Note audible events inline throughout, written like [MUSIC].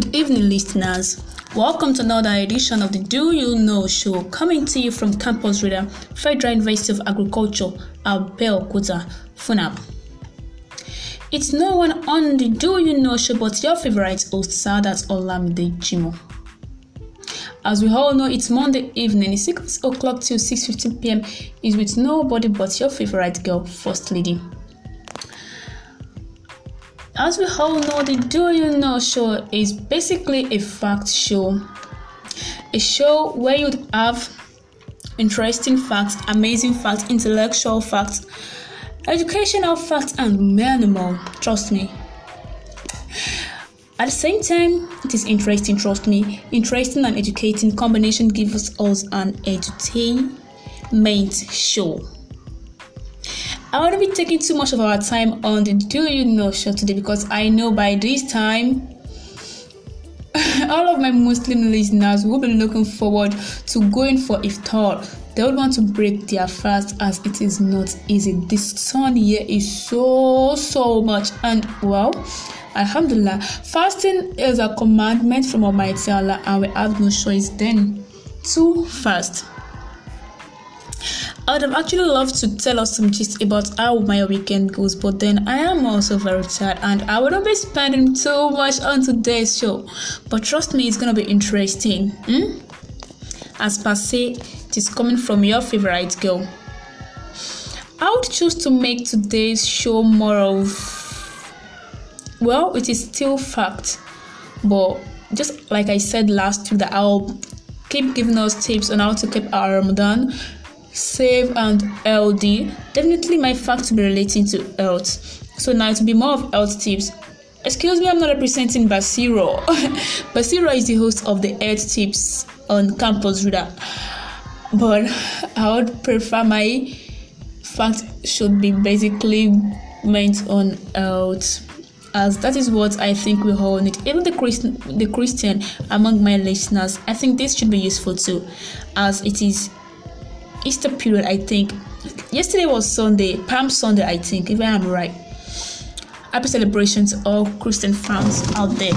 Good evening, listeners. Welcome to another edition of the Do You Know Show, coming to you from Campus Reader, Federal University of Agriculture, Abeokuta, FUNAB. It's no one on the Do You Know Show but your favorite host, Sadat Olamide Jimo. As we all know, it's Monday evening, 6 o'clock till 6.15pm, is with nobody but your favorite girl, First Lady as we all know, the Do You Know show is basically a fact show. A show where you'd have interesting facts, amazing facts, intellectual facts, educational facts, and many more. Trust me. At the same time, it is interesting, trust me. Interesting and educating combination gives us an entertainment show. I won't be taking too much of our time on the Do You Know show today because I know by this time [LAUGHS] all of my Muslim listeners will be looking forward to going for iftar. They would want to break their fast as it is not easy. This sun here is so so much, and well, Alhamdulillah, fasting is a commandment from Almighty Allah, and we have no choice then to fast. I would have actually loved to tell us some gist about how my weekend goes, but then I am also very tired and I would not be spending too much on today's show. But trust me, it's gonna be interesting. Hmm? As per se, it is coming from your favorite girl. I would choose to make today's show more of. Well, it is still fact, but just like I said last week, that I'll keep giving us tips on how to keep our Ramadan save and LD. Definitely my fact will be relating to health. So now it will be more of health tips. Excuse me, I'm not representing Basiro. [LAUGHS] Basiro is the host of the health tips on Campus Reader. But I would prefer my fact should be basically meant on health as that is what I think we all need. Even the Christian, the Christian among my listeners, I think this should be useful too, as it is Easter period, I think. Yesterday was Sunday, Palm Sunday, I think, if I'm right. Happy celebrations to all Christian fans out there.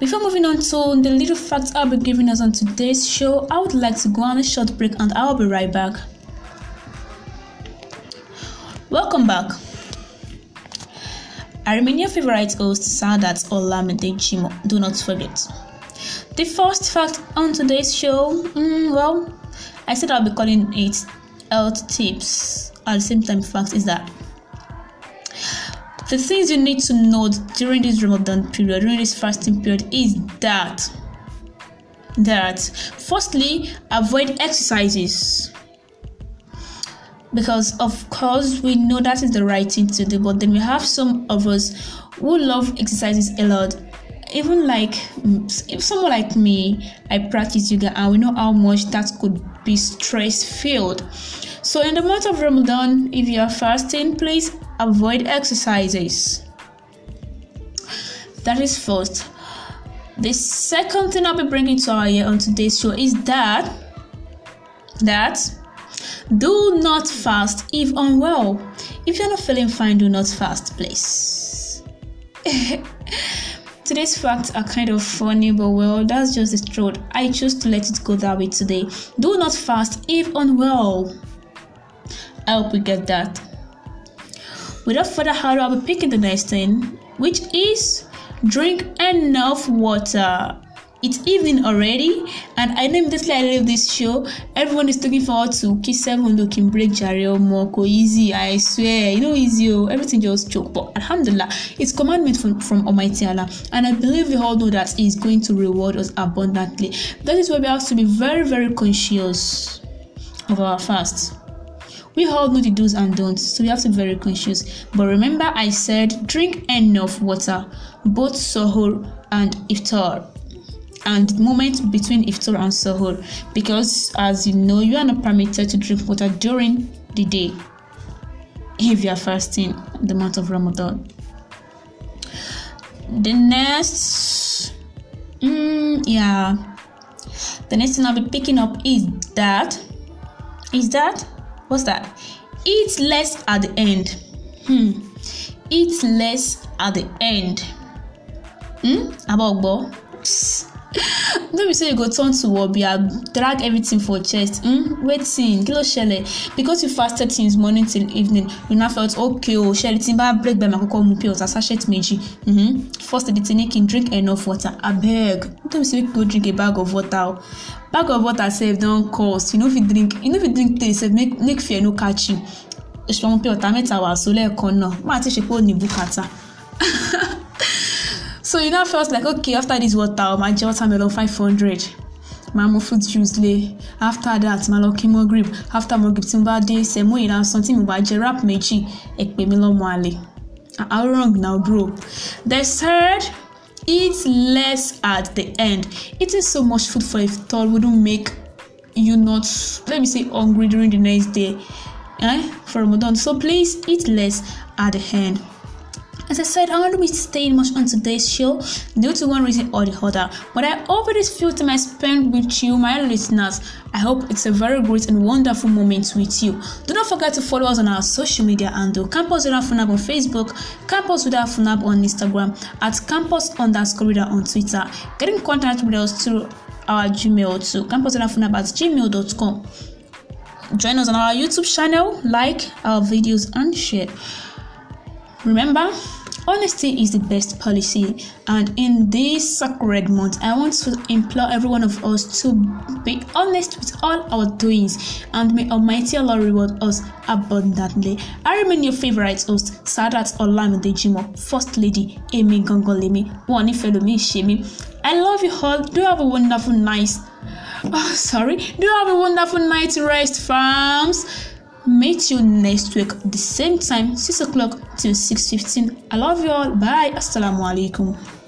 Before moving on to the little facts I'll be giving us on today's show, I would like to go on a short break and I'll be right back. Welcome back. Armenian favorite host Sadat Olamide Chimo. do not forget. The first fact on today's show, mm, well, I said I'll be calling it health tips at the same time fact is that the things you need to know during this Ramadan period, during this fasting period, is that that firstly avoid exercises because of course we know that is the right thing to do but then we have some of us who love exercises a lot even like if someone like me, I practice yoga and we know how much that could be stress filled. So in the month of Ramadan, if you are fasting, please avoid exercises. That is first. The second thing I'll be bringing to you on today's show is that that do not fast if unwell. If you're not feeling fine, do not fast, please. [LAUGHS] Today's facts are kind of funny, but well, that's just the truth. I choose to let it go that way today. Do not fast if unwell. I hope we get that. Without further ado, I'll be picking the next thing, which is drink enough water it's evening already and i know immediately i leave this show everyone is looking forward to Kiss 7 looking break jariel moko easy i swear you know easy oh everything just choke but alhamdulillah it's commandment from, from almighty allah and i believe we all know that he's going to reward us abundantly that is why we have to be very very conscious of our fast we all know the do's and don'ts, so we have to be very conscious. But remember, I said drink enough water, both Sohor and Iftar and moment between iftar and suhoor because as you know you are not permitted to drink water during the day if you are fasting the month of ramadan the next mm, yeah the next thing i'll be picking up is that is that what's that eat less at the end hmm eat less at the end hmm about [LAUGHS] no be say you go turn to wobia drag everything for chest hmm? wetin kí ló because you fasted since morning till evening you now felt okay o oh, ṣẹlẹ̀ tí n bá break by my kọ́kọ́ mu pure water sachet meji. mm-hmm. first day ti ní kí drink enough water abeg no be say make you go drink a bag of water o bag of water sef don cost you no fit drink you no fit drink three sef make make fear no catch you ìṣòwò pure water mẹ́ta wàásù lẹ́ẹ̀kan náà má ti ṣe pé ó ní bùkátà. [LAUGHS] So you now felt like, okay, after this water, my gel watermelon 500 máa mú fruit juice lé after that máa lọ mo mọ́grib after mọ́grib tí mo bá dé sẹ̀mú ìlàsán tí mo bá jẹ wrap méjì ẹ̀ pè mí lọ́mọ ah, how wrong now bro the third eat less at the end eating so much food for a tall wouldn't make you not let me say hungry during the next day eh? for Ramadan so please eat less at the end As I said, I won't be staying much on today's show due to one reason or the other, but I hope this few time I spent with you, my listeners, I hope it's a very great and wonderful moment with you. Do not forget to follow us on our social media handle Campus Without Funab on Facebook, Campus Without Funab on Instagram, at Campus underscore reader on Twitter. Get in contact with us through our Gmail too, Campus Without Funab at gmail.com join us on our YouTube channel, like our videos, and share. Remember, Honesty is the best policy, and in this sacred month, I want to implore every one of us to be honest with all our doings, and may Almighty Allah reward us abundantly. I remain your favorite host, Sadat Olamide Jimo, First Lady, Amy gongolimi, Wani Felomi shimi. I love you all. Do have a wonderful, night? [LAUGHS] Oh, sorry. Do have a wonderful night rest, farms. meet you next week the same time 6 o'clock till 6.15 i love you all bye assalamu alaikum